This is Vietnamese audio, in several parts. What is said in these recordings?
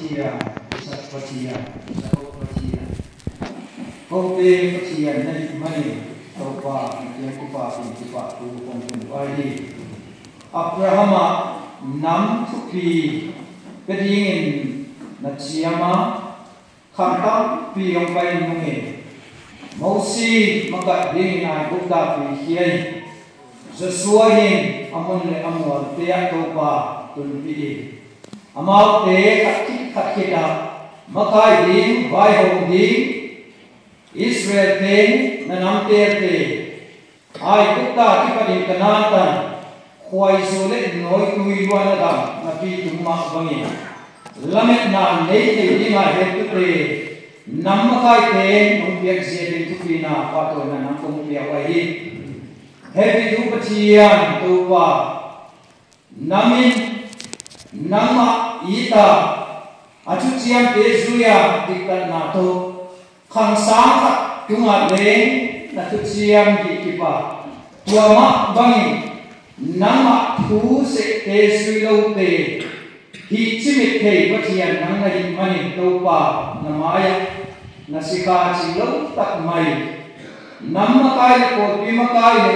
chia sat có chia sat có có chia có tê có chia này mày tàu pa kia cú pa pin cú pa cú con con ai đi Abraham nam phi cái gì em nát chia mà khăn tóc phi ông bay nung em mau si mà cái gì này cũng đã phi kia Joshua em amun le amun tia tàu pa tuần phi amau tê các takina makai ding vai hong ding Israel ten nanam ter te ai tukta ki panin kanatan khoi su le noi tui luana dam na pi tumma bangi lamet na nei te dinga he tu te nam makai ten nong biak se le tu pi na pa to na nam ko mu ya wai hi he bi du pachian tu wa namin nama ita chú chiam tế duya đi tận nào tu khăn sáng khắc chúng mà lên là chú chiam đi kịp à tua mắt băng vâng, nắm mắt thú sẽ tế suy lâu tế hi chỉ mệt thầy bất hiền nắng là hình mani đâu bà nằm ai là sĩ ca chỉ lâu tập mày nắm mắt cái là cột bi mắt cái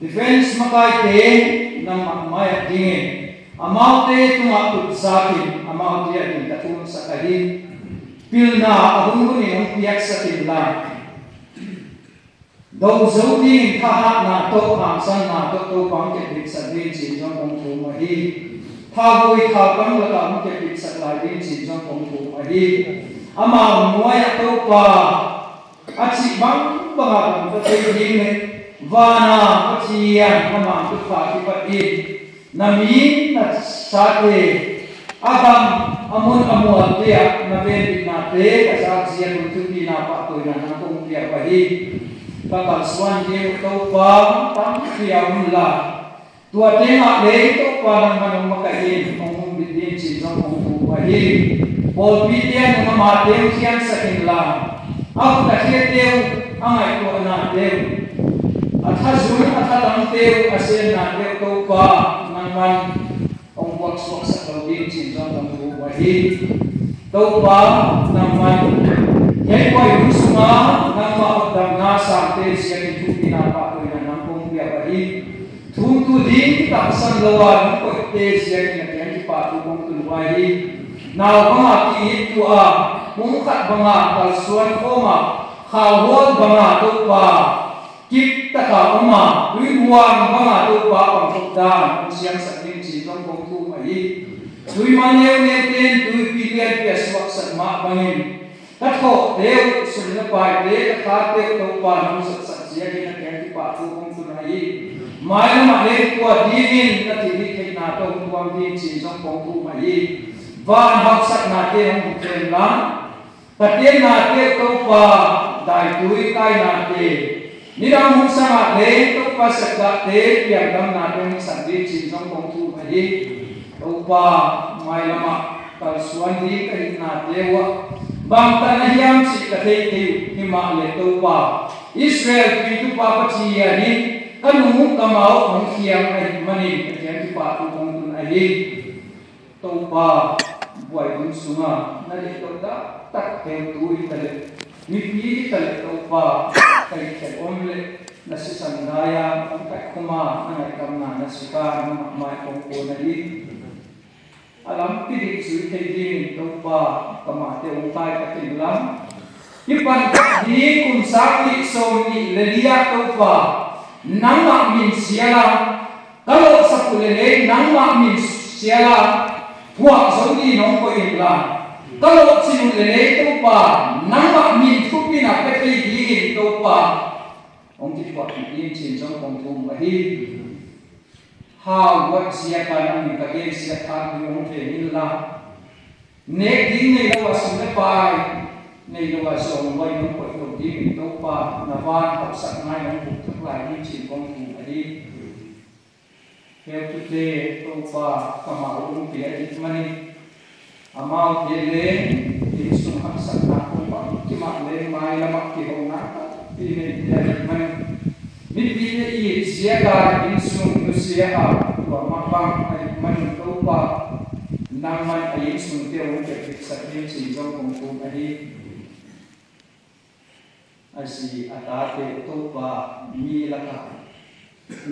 defense mắt cái tế nằm mắt mày kinh amate tuma put sakin amate akin tatum sakahin pilna ahunguni ang piyak sa tinla dầu dấu đi tha hát na to hàng sang na to tô bám kẹt bịt sạt đi chỉ trong công thủ mà đi tha vui tha bám là bám kẹt bịt sạt lại đi chỉ trong công thủ mà đi ama mua ya tô pa a chỉ bám bà bà bà bà bà bà bà bà bà bà bà bà bà na mi na sa te abang amun amuat dia na ben na te ka sa sia kun tu ti na pa tu na na ko dia pa hi pa pa swan dia to pa tam sia mun la tua te ma le to pa na ma ma ka hi ong bi din chi jong ong tu pa hi bol bi dia na ma te sian sa kin la ak ta hi te ang ai ko na te atha zu atha lang te asen na te to pa man ong wang sok sa kawin sin sa pa naman yai wai husma nang maagdang nga sa atin siya ni Tuti na patoy na nang kumbiya wahi tutu di kita siya patu kong tulwahi na mga kiit tua mungkat mga kalsuan ko ma kawon mga tất kip ta ka uma lui muang ba ma tu pa pang thuk ta ang siang sa nim si tong kong tu mà lui man yeu ne ten lui pi le pi aswak sa ma bangin ta tho deu sun na pai de ta kha te to pa nam sa sa sia ki na ken ti pa tu kong tu na mãi mai ma qua kwa di in na ti ni ke na to muang di si tong kong tu ma ai van hak sak na te hong ten la tất te na te to pa đại tu kai na te ni dam hum sama ne to pa sakda te piam dam na dam sandi chi jong kong tu bhai to pa mai lama ta suan di ka na te wa bang ta na yam chi ka te te hi ma le to pa israel pi tu pa pa chi ya ni kan hum ka ma o hum khiam ai mani ka ya tu pa tu kong tu ai to pa buai hum sunga na le to da tak te tu i ta le mi pi ta le ko pa ta i te om le na si san da ya ma na na ka na na si ka na ma ma ko ko na li alam pi ri su te ji ni ko pa ka ma te o ta ka ti la ni pa ni kun sa ni so ni le dia ko pa nang ma min sia la ka lo sa ku le le nang ma min sia la Hãy subscribe cho kênh Ghiền Mì Gõ là ông đi ก็ลงชิมเลยตัวป่าน้ำบักมีทุกปีนับไปที่ดีตัวป่าองค์ที่บอกที่ชิมจงคงทุ่มไปที่ how what sia ka na mi ka ge sia ka ni ong te ni la ne di ne la wa su ne pai ne la wa so mo yi ko ko di mi to pa na va ka sa na yi ko tu la ni chi ko ni a di ke tu te to pa ka ma ong te a di ma ni amal kene Yesus masa aku pak cuma le mai nama ki hona ti me dari mai mi ti ne i sia ka iya, Yesus nusia a wa ma pa ai mai to pa nang mai ai Yesus te o ke ki sa ni si zo kom ko ai asi atate to pa mi la ka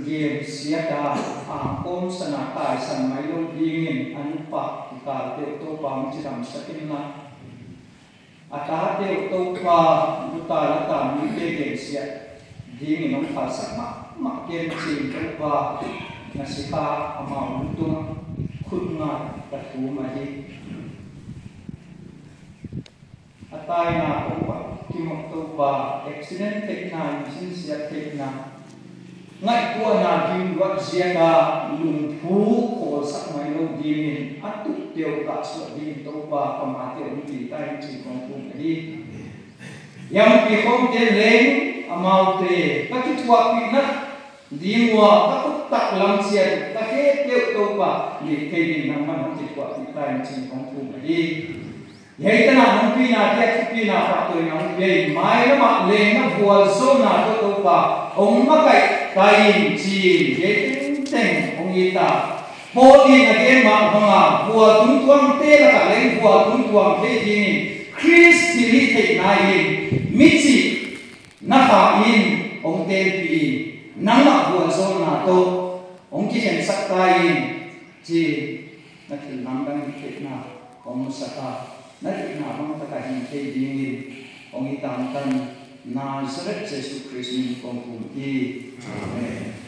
game siata ang kom sana kai san mai lo dingin an pa ka te to pa mi chiram sakin na ata te to pa buta la ta mi te ke sia dingin ang pa sama ma ke chi to pa na si pa ama un tu khun na ta tu ma hi atai na ko pa ki mo to pa accident tek na sin sia tek na ngay qua nhà kim gọi riêng bà lùng phú khổ sắc mấy ông đi mình ắt tụ tiêu cả sửa đi tâu bà còn má tiểu như chỉ tay chỉ còn cùng cái đi yang pi không tên lên amau tê các chú chua pi nát đi mua các cúc tạc lắm xiên các cái tiêu tâu bà để cây đi nằm mắt không chỉ quả pi tay chỉ còn cùng cái đi vậy ta nào không pi nào tiếc pi nào phạt tôi nào về mãi nó mặc lên nó vừa sôm nào tâu bà ông mắc cạnh kai chi ye ting teng ong ta bo ti na cái ma ho ma bua tung tuang te la ka leng bua tung tuang te ji ni chris ti li te na yi mi chi na ha in ông te pi nang ma bua số nào to ông chỉ hen sak ta in chi na ki nang dang ki na ong sa ta nó chỉ na ong ta ka hin te ông ta ong yi tam na zrece su Hristu in i Amen.